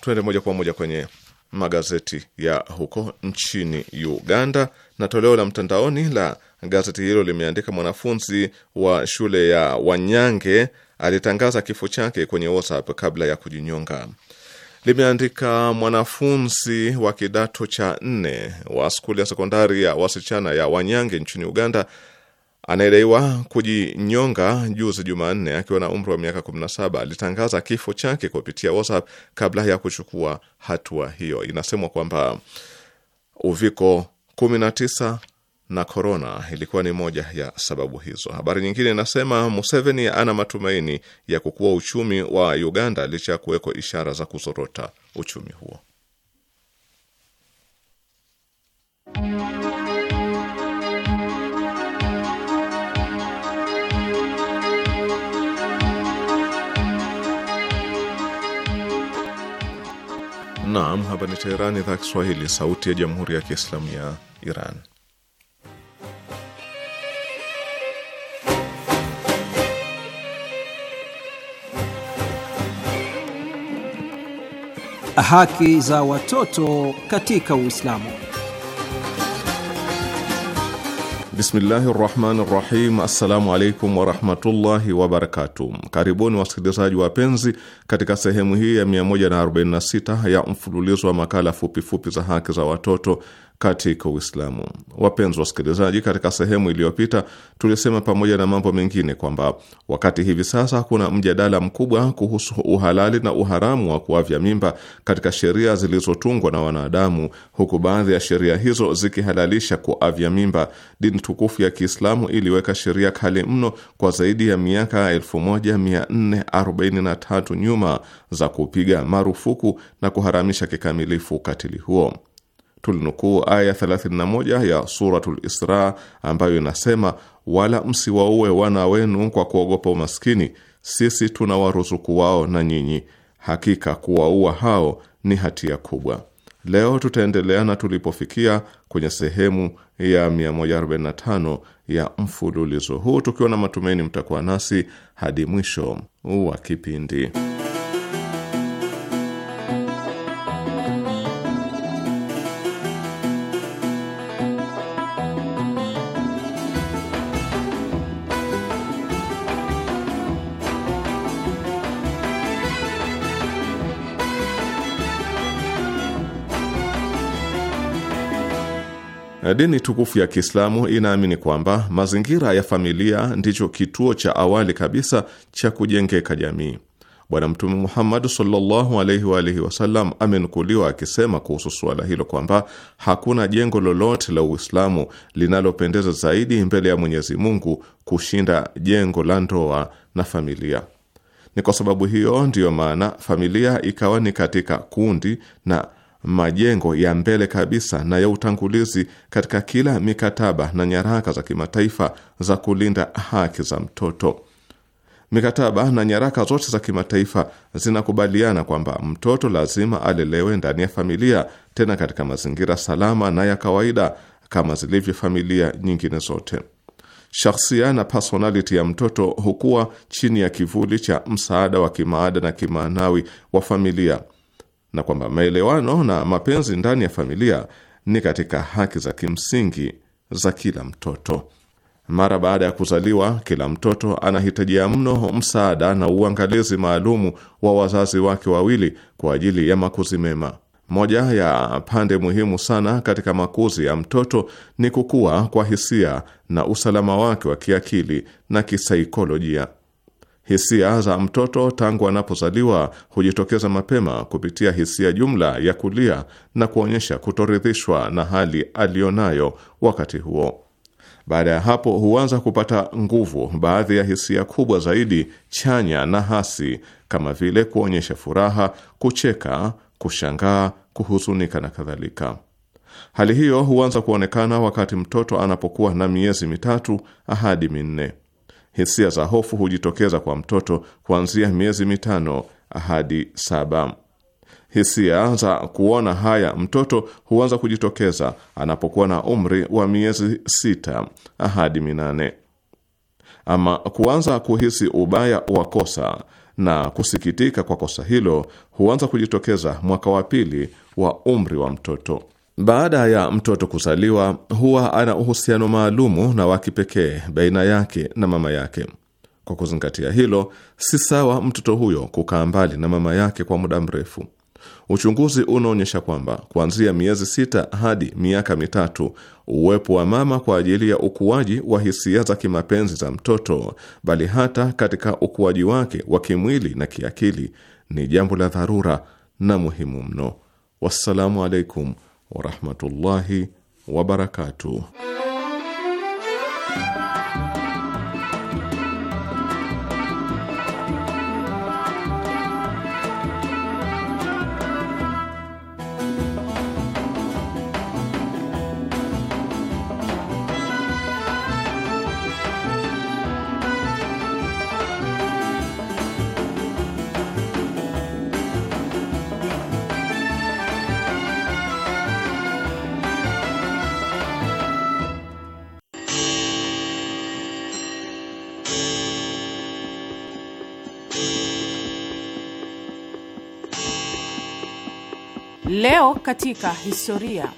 Speaker 1: tuende moja kwa moja kwenye magazeti ya huko nchini Uganda, na toleo la mtandaoni la gazeti hilo limeandika mwanafunzi wa shule ya Wanyange alitangaza kifo chake kwenye WhatsApp kabla ya kujinyonga, limeandika mwanafunzi wa kidato cha nne wa skuli ya sekondari ya wasichana ya Wanyange nchini Uganda anayedaiwa kujinyonga juzi Jumanne akiwa na umri wa miaka 17 alitangaza kifo chake kupitia WhatsApp kabla ya kuchukua hatua hiyo. Inasemwa kwamba uviko 19 na korona ilikuwa ni moja ya sababu hizo. Habari nyingine inasema Museveni ana matumaini ya kukua uchumi wa Uganda licha ya kuwekwa ishara za kuzorota uchumi huo. Naam, hapa ni Teherani, idhaa Kiswahili, sauti ya jamhuri ya kiislamu ya Iran.
Speaker 2: Haki za watoto katika Uislamu.
Speaker 1: Bismillahi rahmani rahim. Assalamu alaikum warahmatullahi wabarakatuh. Karibuni wasikilizaji wapenzi, katika sehemu hii ya 146 ya mfululizo wa makala fupifupi fupi za haki za watoto katika Uislamu. Wapenzi wasikilizaji, katika sehemu iliyopita tulisema pamoja na mambo mengine kwamba wakati hivi sasa kuna mjadala mkubwa kuhusu uhalali na uharamu wa kuavya mimba katika sheria zilizotungwa na wanadamu, huku baadhi ya sheria hizo zikihalalisha kuavya mimba. Dini tukufu ya Kiislamu iliweka sheria kali mno kwa zaidi ya miaka 1443 nyuma za kupiga marufuku na kuharamisha kikamilifu ukatili huo tulinukuu aya 31 ya Suratul Isra ambayo inasema, wala msiwaue wana wenu kwa kuogopa umaskini, sisi tuna waruzuku wao na nyinyi, hakika kuwaua hao ni hatia kubwa. Leo tutaendelea na tulipofikia kwenye sehemu ya 145 ya mfululizo huu, tukiwa na matumaini mtakuwa nasi hadi mwisho wa kipindi. dini tukufu ya Kiislamu inaamini kwamba mazingira ya familia ndicho kituo cha awali kabisa cha kujengeka jamii. Bwana Mtume Muhammad sallallahu alaihi wa alihi wasallam amenukuliwa akisema kuhusu suala hilo kwamba hakuna jengo lolote la Uislamu linalopendeza zaidi mbele ya Mwenyezi Mungu kushinda jengo la ndoa na familia. Ni kwa sababu hiyo ndiyo maana familia ikawa ni katika kundi na majengo ya mbele kabisa na ya utangulizi katika kila mikataba na nyaraka za kimataifa za kulinda haki za mtoto. Mikataba na nyaraka zote za kimataifa zinakubaliana kwamba mtoto lazima alelewe ndani ya familia, tena katika mazingira salama na ya kawaida kama zilivyo familia nyingine zote. Shakhsia na personality ya mtoto hukuwa chini ya kivuli cha msaada wa kimaada na kimaanawi wa familia na kwamba maelewano na mapenzi ndani ya familia ni katika haki za kimsingi za kila mtoto. Mara baada ya kuzaliwa, kila mtoto anahitajia mno msaada na uangalizi maalumu wa wazazi wake wawili kwa ajili ya makuzi mema. Moja ya pande muhimu sana katika makuzi ya mtoto ni kukua kwa hisia na usalama wake wa kiakili na kisaikolojia. Hisia za mtoto tangu anapozaliwa hujitokeza mapema kupitia hisia jumla ya kulia na kuonyesha kutoridhishwa na hali aliyonayo wakati huo. Baada ya hapo huanza kupata nguvu baadhi ya hisia kubwa zaidi, chanya na hasi, kama vile kuonyesha furaha, kucheka, kushangaa, kuhuzunika na kadhalika. Hali hiyo huanza kuonekana wakati mtoto anapokuwa na miezi mitatu hadi minne hisia za hofu hujitokeza kwa mtoto kuanzia miezi mitano hadi saba. Hisia za kuona haya mtoto huanza kujitokeza anapokuwa na umri wa miezi sita hadi minane. Ama kuanza kuhisi ubaya wa kosa na kusikitika kwa kosa hilo huanza kujitokeza mwaka wa pili wa umri wa mtoto. Baada ya mtoto kuzaliwa huwa ana uhusiano maalumu na wa kipekee baina yake na mama yake. Kwa kuzingatia hilo, si sawa mtoto huyo kukaa mbali na mama yake kwa muda mrefu. Uchunguzi unaonyesha kwamba kuanzia miezi sita hadi miaka mitatu, uwepo wa mama kwa ajili ya ukuaji wa hisia za kimapenzi za mtoto, bali hata katika ukuaji wake wa kimwili na kiakili, ni jambo la dharura na muhimu mno. Wassalamu alaikum warahmatullahi wabarakatuh.
Speaker 4: Leo katika historia.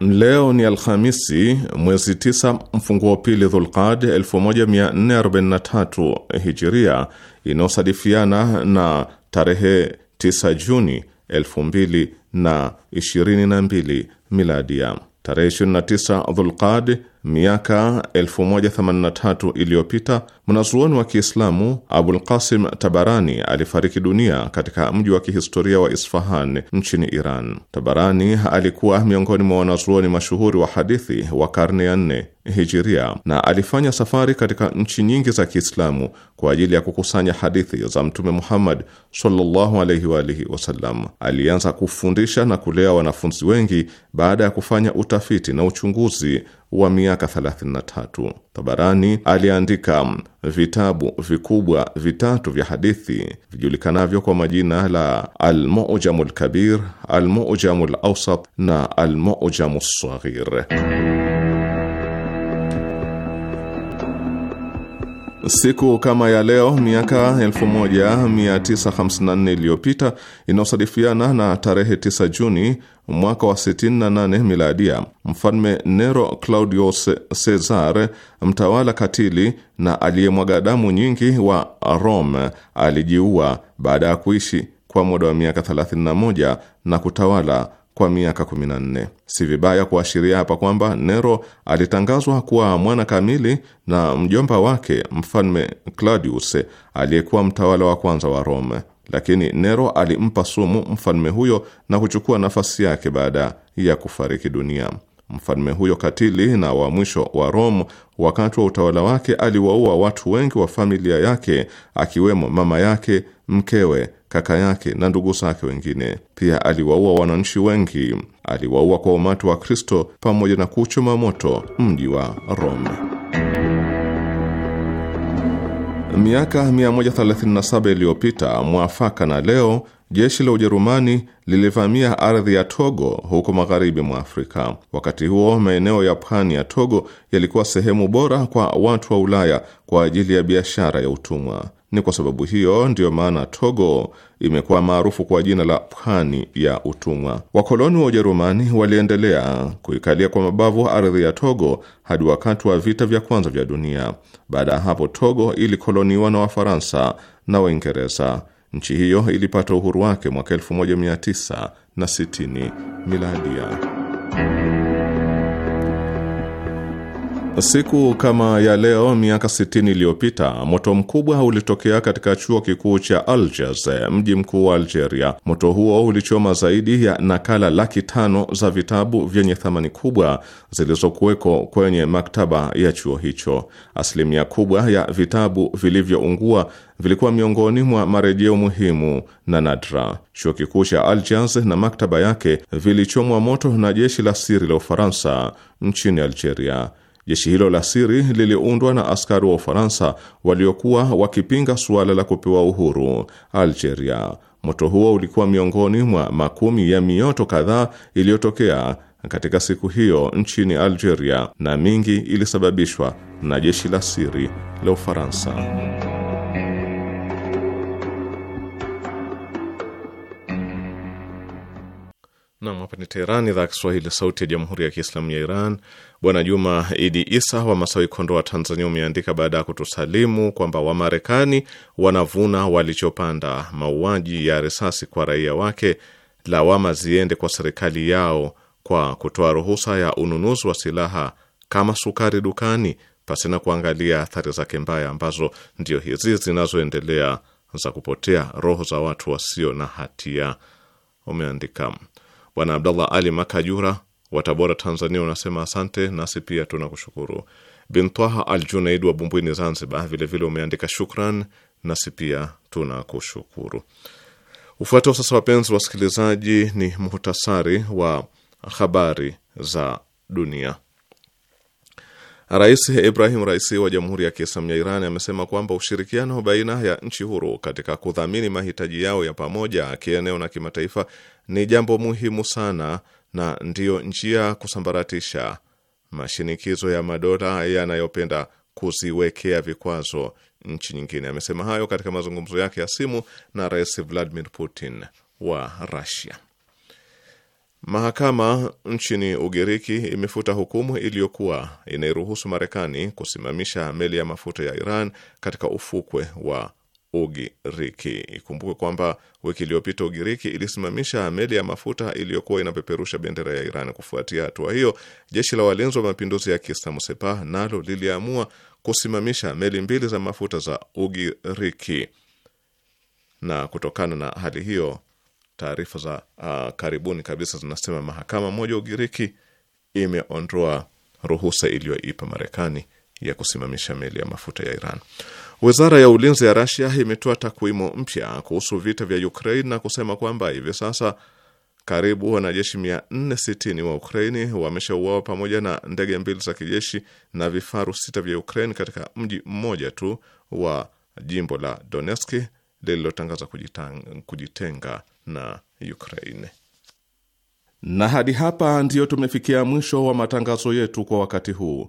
Speaker 1: Leo ni Alhamisi, mwezi 9 mfunguo pili Dhulqad 1443 Hijiria, inayosadifiana na tarehe 9 Juni 2022 Miladia. Tarehe 29 Dhulqad miaka 1083 iliyopita mwanazuoni wa Kiislamu Abul Qasim Tabarani alifariki dunia katika mji wa kihistoria wa Isfahan nchini Iran. Tabarani alikuwa miongoni mwa wanazuoni mashuhuri wa hadithi wa karne ya nne hijiria na alifanya safari katika nchi nyingi za Kiislamu kwa ajili ya kukusanya hadithi za Mtume Muhammad sallallahu alaihi wa alihi wasallam. Alianza kufundisha na kulea wanafunzi wengi baada ya kufanya utafiti na uchunguzi wa miaka 33. Tabarani aliandika vitabu vikubwa vitatu vya hadithi vijulikanavyo kwa majina la Al-Mu'jamul Kabir, Al-Mu'jamul Awsat na Al-Mu'jamus Saghir. Siku kama ya leo miaka 1954 iliyopita inayosadifiana na tarehe 9 Juni mwaka wa 68 miladia, mfalme Nero Claudius Caesar, mtawala katili na aliyemwaga damu nyingi wa Rome, alijiua baada ya kuishi kwa muda wa miaka 31 na kutawala kwa miaka 14. Si vibaya kuashiria hapa kwamba Nero alitangazwa kuwa mwana kamili na mjomba wake mfalme Claudius aliyekuwa mtawala wa kwanza wa Rome, lakini Nero alimpa sumu mfalme huyo na kuchukua nafasi yake baada ya kufariki dunia. Mfalme huyo katili na wa mwisho wa Rome, wakati wa utawala wake, aliwaua watu wengi wa familia yake, akiwemo mama yake, mkewe kaka yake na ndugu zake wengine. Pia aliwaua wananchi wengi, aliwaua kwa umati wa Kristo pamoja na kuchoma moto mji wa Roma. Miaka 137 iliyopita mwafaka na leo, jeshi la Ujerumani lilivamia ardhi ya Togo huko magharibi mwa Afrika. Wakati huo maeneo ya pwani ya Togo yalikuwa sehemu bora kwa watu wa Ulaya kwa ajili ya biashara ya utumwa. Ni kwa sababu hiyo ndiyo maana Togo imekuwa maarufu kwa jina la pwani ya utumwa. Wakoloni wa Ujerumani waliendelea kuikalia kwa mabavu ardhi ya Togo hadi wakati wa vita vya kwanza vya dunia. Baada ya hapo, Togo ilikoloniwa na Wafaransa na Waingereza. Nchi hiyo ilipata uhuru wake mwaka 1960 miladia. Siku kama ya leo miaka 60 iliyopita moto mkubwa ulitokea katika chuo kikuu cha Algiers, mji mkuu wa Algeria. Moto huo ulichoma zaidi ya nakala laki tano za vitabu vyenye thamani kubwa zilizokuweko kwenye maktaba ya chuo hicho. Asilimia kubwa ya vitabu vilivyoungua vilikuwa miongoni mwa marejeo muhimu na nadra. Chuo kikuu cha Algiers na maktaba yake vilichomwa moto na jeshi la siri la Ufaransa nchini Algeria. Jeshi hilo la siri liliundwa na askari wa Ufaransa waliokuwa wakipinga suala la kupewa uhuru Algeria. Moto huo ulikuwa miongoni mwa makumi ya mioto kadhaa iliyotokea katika siku hiyo nchini Algeria, na mingi ilisababishwa na jeshi la siri la Ufaransa. Nam, hapa ni Teherani, idhaa ya Kiswahili, sauti ya jamhuri ya kiislamu ya Iran. Bwana Juma Idi Isa wa Masawi, Kondoa, Tanzania, umeandika baada ya kutusalimu kwamba Wamarekani wanavuna walichopanda. Mauaji ya risasi kwa raia wake, lawama ziende kwa serikali yao kwa kutoa ruhusa ya ununuzi wa silaha kama sukari dukani, pasina kuangalia athari zake mbaya, ambazo ndio hizi zinazoendelea za kupotea roho za watu wasio na hatia, umeandika Bwana Abdallah Ali Makajura wa Tabora, Tanzania, unasema asante, nasi pia tunakushukuru. Bintwaha Al Junaid wa Bumbwini, Zanzibar, vilevile umeandika shukran, nasi pia tunakushukuru. Ufuatao sasa, wapenzi wasikilizaji, ni muhtasari wa habari za dunia. Rais Ibrahim Raisi wa Jamhuri ya Kiislamu ya Iran amesema kwamba ushirikiano baina ya nchi huru katika kudhamini mahitaji yao ya pamoja kieneo na kimataifa ni jambo muhimu sana na ndiyo njia kusambaratisha mashinikizo ya madola yanayopenda kuziwekea vikwazo nchi nyingine. Amesema hayo katika mazungumzo yake ya simu na Rais Vladimir Putin wa rasia Mahakama nchini Ugiriki imefuta hukumu iliyokuwa inairuhusu Marekani kusimamisha meli ya mafuta ya Iran katika ufukwe wa Ugiriki. Ikumbuke kwamba wiki iliyopita Ugiriki ilisimamisha meli ya mafuta iliyokuwa inapeperusha bendera ya Iran. Kufuatia hatua hiyo, jeshi la walinzi wa mapinduzi ya Kiislamu Sepah nalo liliamua kusimamisha meli mbili za mafuta za Ugiriki. Na kutokana na hali hiyo, taarifa za uh, karibuni kabisa zinasema mahakama moja Ugiriki imeondoa ruhusa iliyoipa Marekani ya kusimamisha meli ya mafuta ya Iran. Wizara ya ulinzi ya Rasia imetoa takwimu mpya kuhusu vita vya Ukraine na kusema kwamba hivi sasa karibu wanajeshi 460 wa Ukraini wameshauawa pamoja na ndege mbili za kijeshi na vifaru sita vya Ukraine katika mji mmoja tu wa jimbo la donetski lililotangaza kujitenga na Ukraine. Na hadi hapa ndiyo tumefikia mwisho wa matangazo yetu kwa wakati huu.